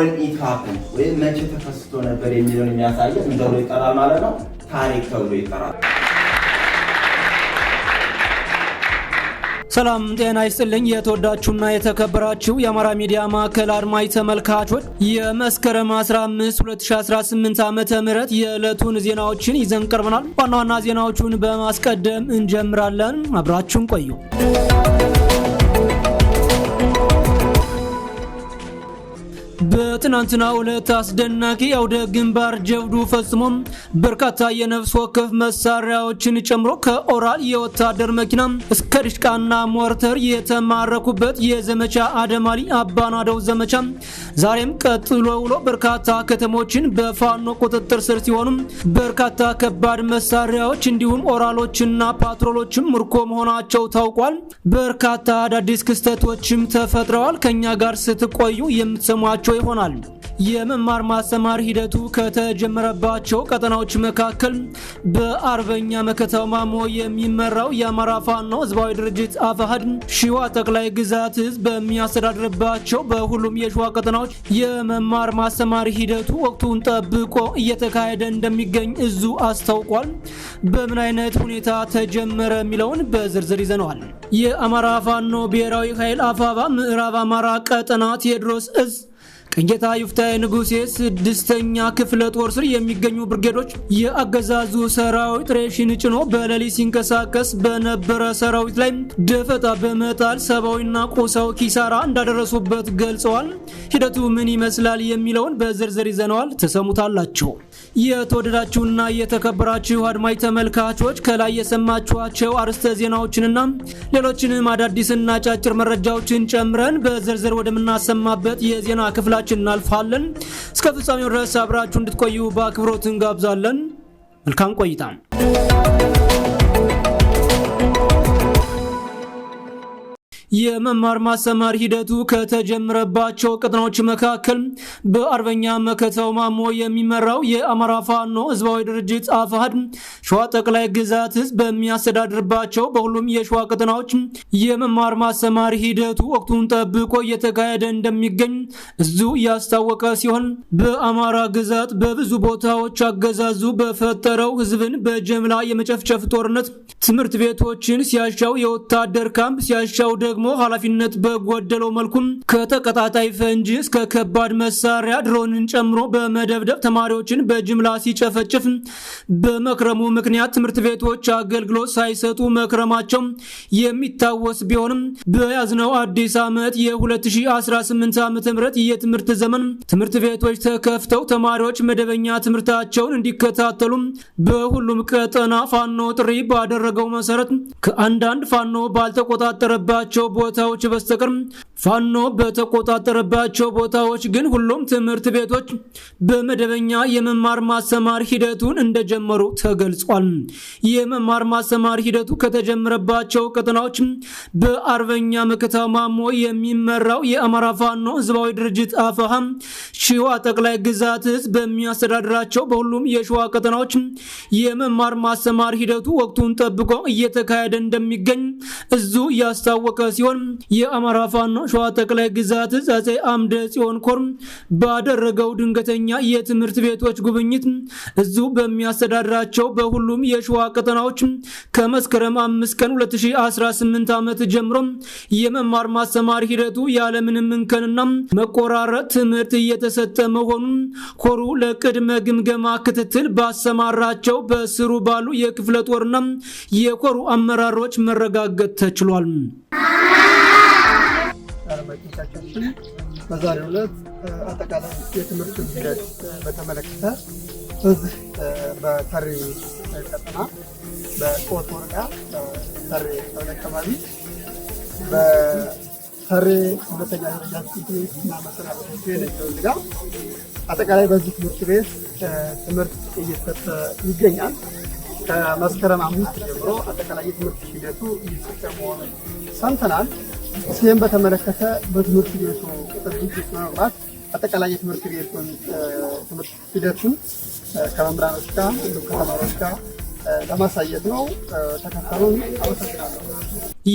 ወን ኢት ሀፕን ወይም መቼ ተከስቶ ነበር የሚለውን የሚያሳየን ምን ተብሎ ይጠራል ማለት ነው? ታሪክ ተብሎ ይጠራል። ሰላም ጤና ይስጥልኝ። የተወዳችሁና የተከበራችሁ የአማራ ሚዲያ ማዕከል አድማጭ ተመልካቾች የመስከረም 15 2018 ዓ.ም የዕለቱን ዜናዎችን ይዘን ቀርበናል። ዋና ዋና ዜናዎቹን በማስቀደም እንጀምራለን። አብራችሁን ቆዩ። በትናንትናው ዕለት አስደናቂ አውደ ግንባር ጀብዱ ፈጽሞ በርካታ የነፍስ ወከፍ መሳሪያዎችን ጨምሮ ከኦራል የወታደር መኪና እስከ ድሽቃና ሞርተር የተማረኩበት የዘመቻ አደማሊ አባናደው ዘመቻ ዛሬም ቀጥሎ ውሎ በርካታ ከተሞችን በፋኖ ቁጥጥር ስር ሲሆኑም በርካታ ከባድ መሳሪያዎች እንዲሁም ኦራሎችና ፓትሮሎችም ምርኮ መሆናቸው ታውቋል። በርካታ አዳዲስ ክስተቶችም ተፈጥረዋል። ከኛ ጋር ስትቆዩ የምትሰሟቸው ያላቸው ይሆናል። የመማር ማስተማር ሂደቱ ከተጀመረባቸው ቀጠናዎች መካከል በአርበኛ መከታው ማሞ የሚመራው የአማራ ፋኖ ህዝባዊ ድርጅት አፋሕድ ሽዋ ጠቅላይ ግዛት ህዝብ በሚያስተዳድርባቸው በሁሉም የሸዋ ቀጠናዎች የመማር ማስተማር ሂደቱ ወቅቱን ጠብቆ እየተካሄደ እንደሚገኝ እዙ አስታውቋል። በምን አይነት ሁኔታ ተጀመረ የሚለውን በዝርዝር ይዘነዋል። የአማራ ፋኖ ብሔራዊ ኃይል አፋባ ምዕራብ አማራ ቀጠና ቴዎድሮስ እዝ ቀኝጌታ ይፍታዬ ንጉሴ ስድስተኛ ክፍለ ጦር ስር የሚገኙ ብርጌዶች የአገዛዙ ሰራዊት ሬሽን ጭኖ በሌሊት ሲንቀሳቀስ በነበረ ሰራዊት ላይ ደፈጣ በመጣል ሰብአዊና ቁሳዊ ኪሳራ እንዳደረሱበት ገልጸዋል። ሂደቱ ምን ይመስላል የሚለውን በዝርዝር ይዘነዋል፣ ተሰሙታላቸው የተወደዳችሁና የተከበራችሁ አድማጭ ተመልካቾች ከላይ የሰማችኋቸው አርዕስተ ዜናዎችንና ሌሎችንም አዳዲስና አጫጭር መረጃዎችን ጨምረን በዝርዝር ወደምናሰማበት የዜና ክፍላችን እናልፋለን። እስከ ፍጻሜው ድረስ አብራችሁ እንድትቆዩ በአክብሮት እንጋብዛለን። መልካም ቆይታ የመማር ማስተማር ሂደቱ ከተጀመረባቸው ቀጠናዎች መካከል በአርበኛ መከተው ማሞ የሚመራው የአማራ ፋኖ ህዝባዊ ድርጅት አፋሃድ ሸዋ ጠቅላይ ግዛት ህዝብ በሚያስተዳድርባቸው በሁሉም የሸዋ ቀጠናዎች የመማር ማስተማር ሂደቱ ወቅቱን ጠብቆ እየተካሄደ እንደሚገኝ እዙ እያስታወቀ ሲሆን በአማራ ግዛት በብዙ ቦታዎች አገዛዙ በፈጠረው ህዝብን በጀምላ የመጨፍጨፍ ጦርነት ትምህርት ቤቶችን ሲያሻው የወታደር ካምፕ ሲያሻው ደግሞ ደግሞ ኃላፊነት በጎደለው መልኩም ከተቀጣጣይ ፈንጂ እስከ ከባድ መሳሪያ ድሮንን ጨምሮ በመደብደብ ተማሪዎችን በጅምላ ሲጨፈጭፍ በመክረሙ ምክንያት ትምህርት ቤቶች አገልግሎት ሳይሰጡ መክረማቸው የሚታወስ ቢሆንም በያዝነው አዲስ ዓመት የ2018 ዓ.ም የትምህርት ዘመን ትምህርት ቤቶች ተከፍተው ተማሪዎች መደበኛ ትምህርታቸውን እንዲከታተሉ በሁሉም ቀጠና ፋኖ ጥሪ ባደረገው መሰረት ከአንዳንድ ፋኖ ባልተቆጣጠረባቸው ቦታዎች በስተቀር ፋኖ በተቆጣጠረባቸው ቦታዎች ግን ሁሉም ትምህርት ቤቶች በመደበኛ የመማር ማስተማር ሂደቱን እንደጀመሩ ተገልጿል። የመማር ማስተማር ሂደቱ ከተጀመረባቸው ቀጠናዎች በአርበኛ መከታ ማሞ የሚመራው የአማራ ፋኖ ህዝባዊ ድርጅት አፈሃ ሽዋ ጠቅላይ ግዛት ህዝብ በሚያስተዳድራቸው በሁሉም የሸዋ ቀጠናዎች የመማር ማስተማር ሂደቱ ወቅቱን ጠብቆ እየተካሄደ እንደሚገኝ እዙ ያስታወቀ ሲሆን የአማራ ፋኖ ሸዋ ጠቅላይ ግዛት ጻጼ አምደ ጽዮን ኮር ባደረገው ድንገተኛ የትምህርት ቤቶች ጉብኝት እዙ በሚያስተዳድራቸው በሁሉም የሸዋ ቀጠናዎች ከመስከረም አምስት ቀን 2018 ዓመት ጀምሮ የመማር ማስተማር ሂደቱ ያለምንም እንከንና መቆራረጥ ትምህርት እየተሰጠ መሆኑን ኮሩ ለቅድመ ግምገማ ክትትል ባሰማራቸው በስሩ ባሉ የክፍለ ጦርና የኮሩ አመራሮች መረጋገጥ ተችሏል። አድማጮቻችን በዛሬው ዕለት አጠቃላይ የትምህርት ሂደት በተመለከተ በዚህ በተሬ ቀጠና በጦት ወረዳ ተሬ አካባቢ በተሬ ሁለተኛ ደረጃ ትምህርት ቤት እና መሰናዶ ቤት አጠቃላይ በዚህ ትምህርት ቤት ትምህርት እየተሰጠ ይገኛል። ከመስከረም አምስት ጀምሮ አጠቃላይ የትምህርት ሂደቱ እየተሰጠ መሆኑን ሰምተናል። ሲም በተመለከተ በትምህርት ቤቱ ዝግጅት በመምራት አጠቃላይ የትምህርት ቤቱን ትምህርት ሂደቱን ከመምህራኖች ጋር እንዲሁም ከተማሪዎች ጋር ለማሳየት ነው። ተከተሉን። አመሰግናለሁ።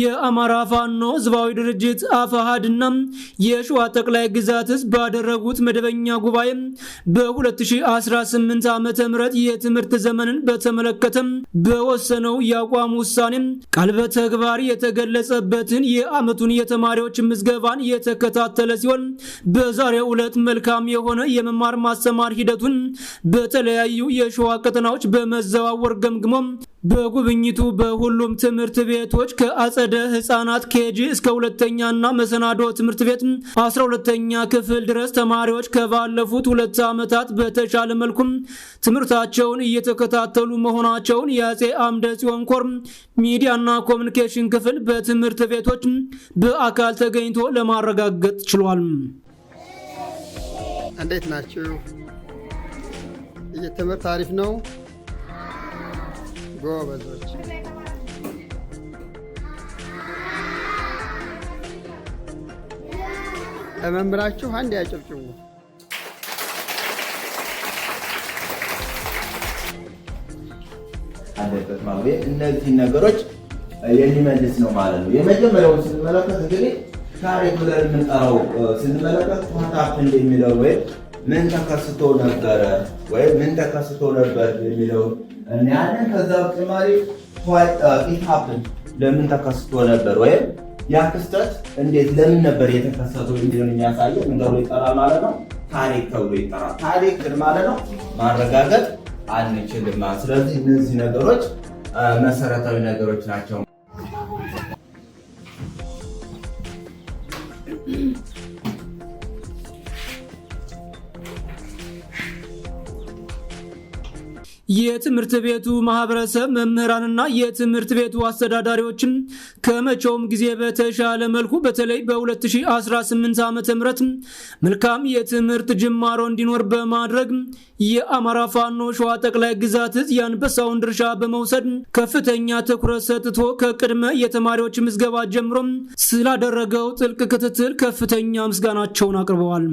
የአማራ ፋኖ ህዝባዊ ድርጅት አፋሃድና የሸዋ ጠቅላይ ግዛት ህዝብ ባደረጉት መደበኛ ጉባኤ በ2018 ዓ ም የትምህርት ዘመንን በተመለከተ በወሰነው የአቋም ውሳኔ ቃል በተግባር የተገለጸበትን የአመቱን የተማሪዎች ምዝገባን የተከታተለ ሲሆን በዛሬው ዕለት መልካም የሆነ የመማር ማስተማር ሂደቱን በተለያዩ የሸዋ ቀጠናዎች በመዘዋወር ገምግሞ በጉብኝቱ በሁሉም ትምህርት ቤቶች ከአጸደ ህጻናት ኬጂ እስከ ሁለተኛና መሰናዶ ትምህርት ቤት አስራ ሁለተኛ ክፍል ድረስ ተማሪዎች ከባለፉት ሁለት ዓመታት በተሻለ መልኩም ትምህርታቸውን እየተከታተሉ መሆናቸውን የአጼ አምደ ጽዮን ኮር ሚዲያና ኮሚኒኬሽን ክፍል በትምህርት ቤቶች በአካል ተገኝቶ ለማረጋገጥ ችሏል። እንዴት ናቸው? የትምህርት አሪፍ ነው። ጎበዞች። ለመምህራችሁ አንድ ያጨብጭቡ። አለበት እነዚህ ነገሮች የሚመልስ ነው ማለት ነው። የመጀመሪያውን ስንመለከት እንግዲህ ታሪክ ብለን የምንጠራው ስንመለከት ኮንታክት እንደሚለው ወይም ምን ተከስቶ ነበረ ወይም ምን ተከስቶ ነበር የሚለው እናያለን። ከዛ በተጨማሪ ሀፕን ለምን ተከስቶ ነበር ወይም ያ ክስተት እንዴት ለምን ነበር የተከሰተው የሚሆን የሚያሳየው ምን ተብሎ ይጠራል ማለት ነው። ታሪክ ተብሎ ይጠራል። ታሪክ ግን ማለት ነው ማረጋገጥ አንችልም። ስለዚህ እነዚህ ነገሮች መሰረታዊ ነገሮች ናቸው። የትምህርት ቤቱ ማህበረሰብ መምህራንና የትምህርት ቤቱ አስተዳዳሪዎችን ከመቼውም ጊዜ በተሻለ መልኩ በተለይ በ2018 ዓ ም መልካም የትምህርት ጅማሮ እንዲኖር በማድረግ የአማራ ፋኖ ሸዋ ጠቅላይ ግዛት እዝ የአንበሳውን ድርሻ በመውሰድ ከፍተኛ ትኩረት ሰጥቶ ከቅድመ የተማሪዎች ምዝገባ ጀምሮ ስላደረገው ጥልቅ ክትትል ከፍተኛ ምስጋናቸውን አቅርበዋል።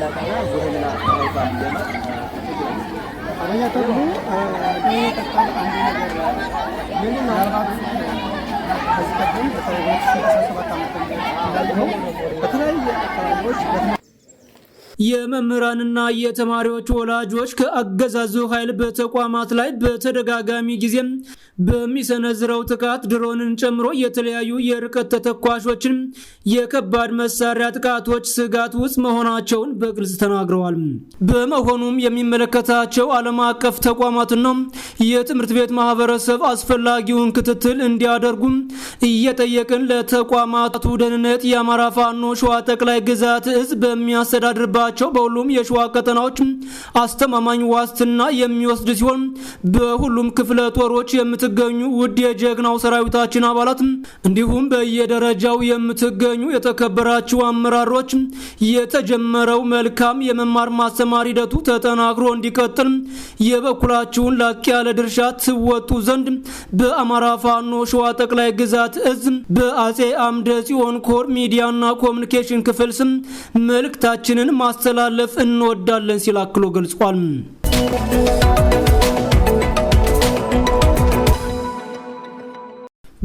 ታላቅና ዝህና ባለነ አረኛ ደግሞ ቀጣል አንዱ ነገር ምን ምናልባት ከዚህ ቀደም በ ሰባት ዓመት እንዳለው በተለያየ አካባቢዎች የመምህራንና የተማሪዎች ወላጆች ከአገዛዙ ኃይል በተቋማት ላይ በተደጋጋሚ ጊዜ በሚሰነዝረው ጥቃት ድሮንን ጨምሮ የተለያዩ የርቀት ተተኳሾችን የከባድ መሳሪያ ጥቃቶች ስጋት ውስጥ መሆናቸውን በግልጽ ተናግረዋል። በመሆኑም የሚመለከታቸው ዓለም አቀፍ ተቋማትና የትምህርት ቤት ማህበረሰብ አስፈላጊውን ክትትል እንዲያደርጉ እየጠየቅን ለተቋማቱ ደህንነት የአማራ ፋኖ ሸዋ ጠቅላይ ግዛት እዝ በሚያስተዳድርባቸው ናቸው። በሁሉም የሸዋ ቀጠናዎች አስተማማኝ ዋስትና የሚወስድ ሲሆን በሁሉም ክፍለ ጦሮች የምትገኙ ውድ የጀግናው ሰራዊታችን አባላት እንዲሁም በየደረጃው የምትገኙ የተከበራችሁ አመራሮች የተጀመረው መልካም የመማር ማስተማር ሂደቱ ተጠናክሮ እንዲቀጥል የበኩላችሁን ላቅ ያለ ድርሻ ትወጡ ዘንድ በአማራ ፋኖ ሸዋ ጠቅላይ ግዛት እዝ በአጼ አምደ ጽዮን ኮር ሚዲያና ኮሚኒኬሽን ክፍል ስም መልእክታችንን ማስ ለማስተላለፍ እንወዳለን ሲል አክሎ ገልጿል።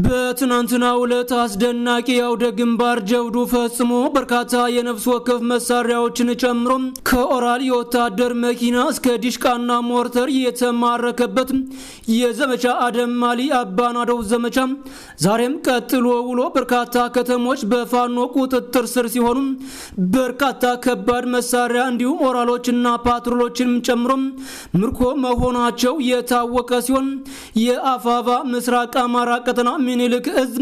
በትናንትና ዕለት አስደናቂ አውደ ግንባር ጀብዱ ፈጽሞ በርካታ የነፍስ ወከፍ መሳሪያዎችን ጨምሮ ከኦራል የወታደር መኪና እስከ ዲሽቃና ሞርተር የተማረከበት የዘመቻ አደማሊ አባናደው ዘመቻ ዛሬም ቀጥሎ ውሎ በርካታ ከተሞች በፋኖ ቁጥጥር ስር ሲሆኑ በርካታ ከባድ መሳሪያ እንዲሁም ኦራሎችና ፓትሮሎችንም ጨምሮ ምርኮ መሆናቸው የታወቀ ሲሆን የአፋባ ምስራቅ አማራ ቀጠና ምኒልክ እዝ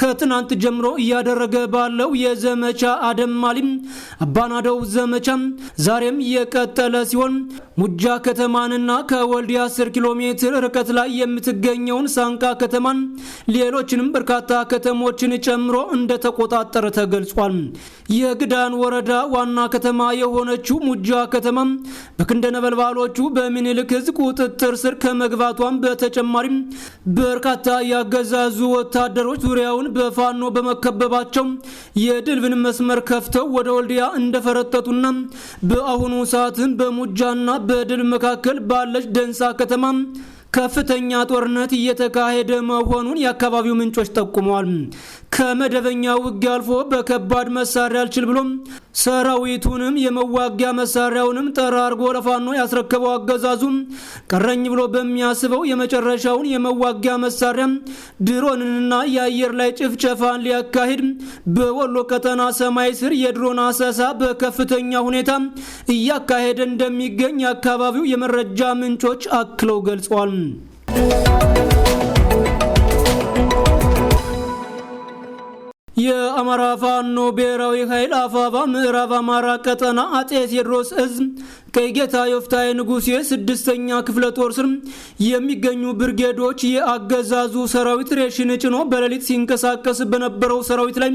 ከትናንት ጀምሮ እያደረገ ባለው የዘመቻ አደማሊም አባናደው ዘመቻ ዛሬም እየቀጠለ ሲሆን ሙጃ ከተማንና ከወልዲያ 10 ኪሎ ሜትር ርቀት ላይ የምትገኘውን ሳንቃ ከተማን ሌሎችንም በርካታ ከተሞችን ጨምሮ እንደተቆጣጠረ ተገልጿል። የግዳን ወረዳ ዋና ከተማ የሆነችው ሙጃ ከተማ በክንደ ነበልባሎቹ በምኒልክ እዝ ቁጥጥር ስር ከመግባቷን በተጨማሪም በርካታ ያገዛዙ ወታደሮች ዙሪያውን በፋኖ በመከበባቸው የድልብን መስመር ከፍተው ወደ ወልዲያ እንደፈረጠጡና በአሁኑ ሰዓትም በሙጃና በድል መካከል ባለች ደንሳ ከተማ ከፍተኛ ጦርነት እየተካሄደ መሆኑን የአካባቢው ምንጮች ጠቁመዋል። ከመደበኛ ውጊያ አልፎ በከባድ መሳሪያ አልችል ብሎም ሰራዊቱንም የመዋጊያ መሳሪያውንም ጠራርጎ ለፋኖ ያስረከበው አገዛዙም ቀረኝ ብሎ በሚያስበው የመጨረሻውን የመዋጊያ መሳሪያ ድሮንንና የአየር ላይ ጭፍጨፋን ሊያካሂድ በወሎ ቀጠና ሰማይ ስር የድሮን አሰሳ በከፍተኛ ሁኔታ እያካሄደ እንደሚገኝ የአካባቢው የመረጃ ምንጮች አክለው ገልጸዋል። የአማራ ፋኖ ብሔራዊ ኃይል አፋባ ምዕራብ አማራ ቀጠና አጤ ቴዎድሮስ እዝ ከጌታ ዮፍታሔ ንጉሴ ስድስተኛ ክፍለ ጦር ስር የሚገኙ ብርጌዶች የአገዛዙ ሰራዊት ሬሽን ጭኖ በሌሊት ሲንቀሳቀስ በነበረው ሰራዊት ላይ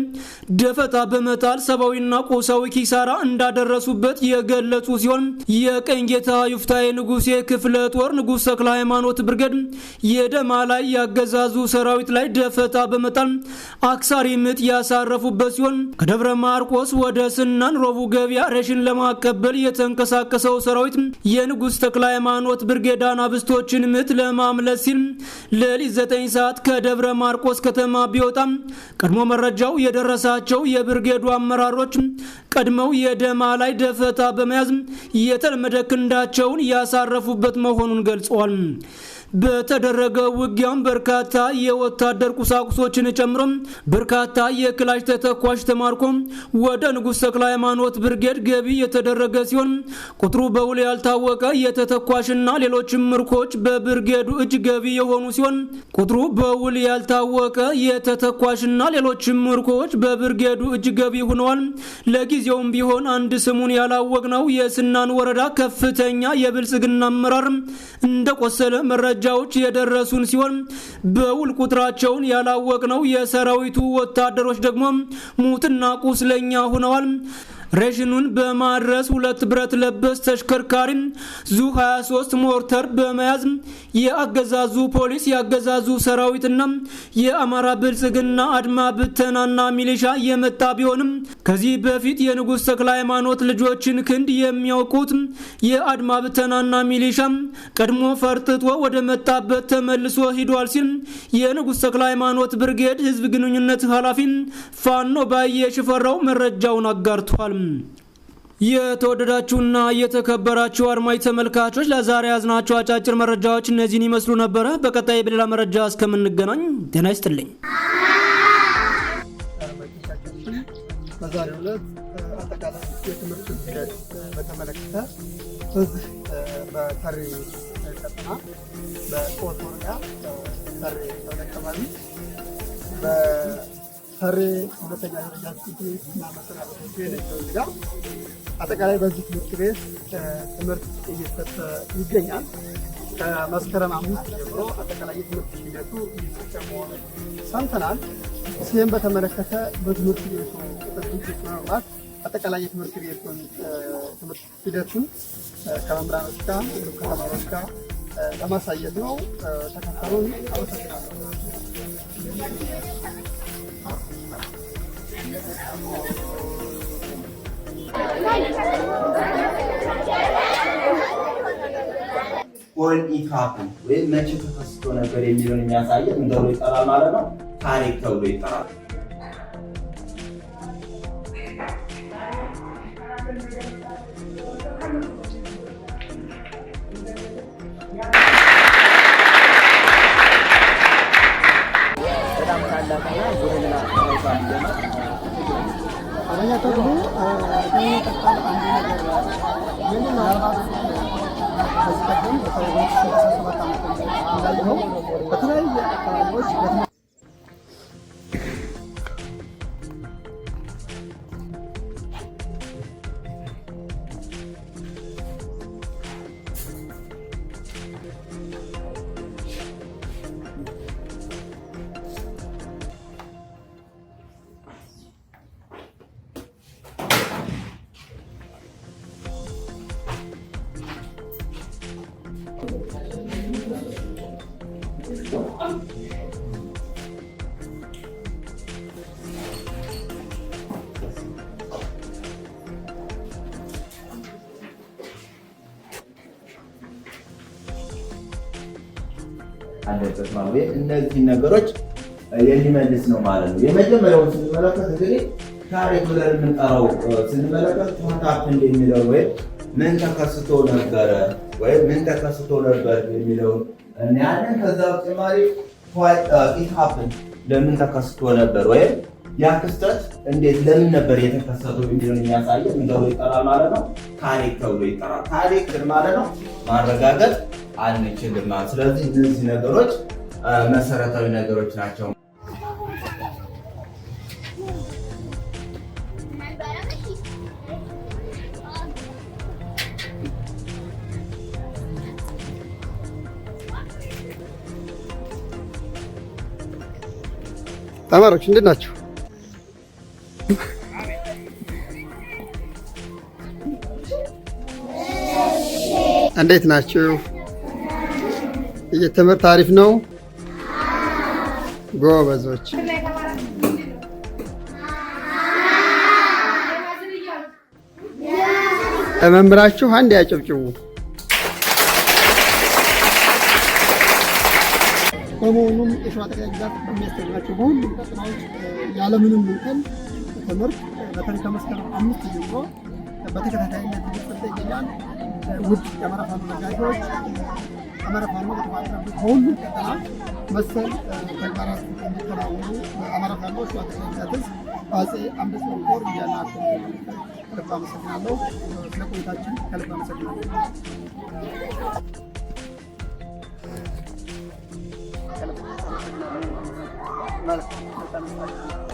ደፈጣ በመጣል ሰብአዊና ቁሳዊ ኪሳራ እንዳደረሱበት የገለጹ ሲሆን የቀኝ ጌታ ዮፍታሔ ንጉሴ ክፍለ ጦር ንጉሥ ተክለ ሃይማኖት ብርጌድ የደማ ላይ ያገዛዙ ሰራዊት ላይ ደፈጣ በመጣል አክሳሪ ምት ያሳረፉበት ሲሆን ከደብረ ማርቆስ ወደ ስናን ሮቡ ገበያ ሬሽን ለማቀበል የተንቀሳቀሰው የመለሰው ሰራዊት የንጉሥ ተክለ ሃይማኖት ብርጌዳን አብስቶችን ምት ለማምለስ ሲል ሌሊት 9 ሰዓት ከደብረ ማርቆስ ከተማ ቢወጣም ቀድሞ መረጃው የደረሳቸው የብርጌዱ አመራሮች ቀድመው የደማ ላይ ደፈታ በመያዝ የተለመደ ክንዳቸውን ያሳረፉበት መሆኑን ገልጸዋል። በተደረገ ውጊያም በርካታ የወታደር ቁሳቁሶችን ጨምሮ በርካታ የክላሽ ተተኳሽ ተማርኮ ወደ ንጉሥ ተክለ ሃይማኖት ብርጌድ ገቢ የተደረገ ሲሆን ቁጥሩ በውል ያልታወቀ የተተኳሽና ሌሎችም ምርኮች በብርጌዱ እጅ ገቢ የሆኑ ሲሆን ቁጥሩ በውል ያልታወቀ የተተኳሽና ሌሎችም ምርኮች በብርጌዱ እጅ ገቢ ሆነዋል። ለጊዜውም ቢሆን አንድ ስሙን ያላወቅነው የስናን ወረዳ ከፍተኛ የብልጽግና አመራር እንደቆሰለ መረጃ መረጃዎች የደረሱን ሲሆን በውል ቁጥራቸውን ያላወቅነው የሰራዊቱ ወታደሮች ደግሞ ሙትና ቁስለኛ ሆነዋል። ሬዥኑን በማድረስ ሁለት ብረት ለበስ ተሽከርካሪ ዙ 23 ሞርተር በመያዝ የአገዛዙ ፖሊስ የአገዛዙ ሰራዊትና የአማራ ብልጽግና አድማ ብተናና ሚሊሻ የመጣ ቢሆንም ከዚህ በፊት የንጉሥ ተክለ ሃይማኖት ልጆችን ክንድ የሚያውቁት የአድማ ብተናና ሚሊሻ ቀድሞ ፈርጥቶ ወደ መጣበት ተመልሶ ሂዷል ሲል የንጉሥ ተክለ ሃይማኖት ብርጌድ ህዝብ ግንኙነት ኃላፊ ፋኖ ባየ ሽፈራው መረጃውን አጋርቷል። የተወደዳችሁና የተከበራችሁ አድማጭ ተመልካቾች ለዛሬ ያዝናችሁ አጫጭር መረጃዎች እነዚህን ይመስሉ ነበረ። በቀጣይ በሌላ መረጃ እስከምንገናኝ ጤና ይስጥልኝ። በዛሬው ዕለት አጠቃላይ የትምህርት ሂደት በተመለከተ በዚህ በተሬ ቀጥና በጦር ወረዳ አካባቢ ተሬ ሁለተኛ ደረጃ ትምህርት ቤት እና መሰናዶ ቤት ናቸው። አጠቃላይ በዚህ ትምህርት ቤት ትምህርት እየተሰጠ ይገኛል። ከመስከረም አምስት ጀምሮ አጠቃላይ የትምህርት ሂደቱ እየተሰጠ መሆኑ ሰምተናል። ሲም በተመለከተ በትምህርት ቤቱ ቤት በመምራት አጠቃላይ የትምህርት ቤቱን ትምህርት ሂደቱን ከመምህራኖች ጋር ከተማሪዎች ጋር ለማሳየት ነው። ተከታተሉን። አመሰግናለሁ። ፖልኢካፑ ወይም መቼ ተከስቶ ነበር የሚለውን የሚያሳየን እንደሆነ ይጠራል ማለት ነው። ታሪክ ተብሎ ይጠራል። በተለያየ አካባቢዎች የሚመለከት ማለት ነው። እነዚህ ነገሮች የሚመልስ ነው ማለት ነው። የመጀመሪያውን ስንመለከት እንግዲህ ታሪክ ብለን የምንጠራው ስንመለከት ሆታፕን እንደሚለው ወይም ምን ተከስቶ ነበረ ወይም ምን ተከስቶ ነበር የሚለውን እናያለን። ከዛ በተጨማሪ ኢትሀፕን ለምን ተከስቶ ነበር ወይም ያ ክስተት እንዴት ለምን ነበር የተከሰተው የሚለውን የሚያሳየ ምን ተብሎ ይጠራል ማለት ነው። ታሪክ ተብሎ ይጠራል። ታሪክ ማለት ነው ማረጋገጥ አንችልም። ስለዚህ እነዚህ ነገሮች መሰረታዊ ነገሮች ናቸው። ተማሪዎች እንዴት ናቸው? እንዴት ናችሁ? የትምህርት አሪፍ ነው። ጎበዞች ለመምህራችሁ አንድ ያጨብጭቡ። በመሆኑም የሸዋ ጠቅላይ ግዛት በሚያስተምራቸው በሁሉም ቀጠናዎች ያለምንም እንከን ትምህርት በተለይ ከመስከረም አምስት ጀምሮ በተከታታይነት እየተሰጠ ይገኛል። ውድ የአማራ ፋኖ ደጋፊዎች አማራ ፋኖ በተባበረበት በሁሉም ቀጠና መሰል ተግባራት የሚከናወኑ አማራ ፋኖ ሸዋ ጠቅላይ ግዛት ኮር እያናቸ ከልብ አመሰግናለሁ። ስለ ቆይታችን ከልብ አመሰግናለሁ። ማለት ነው።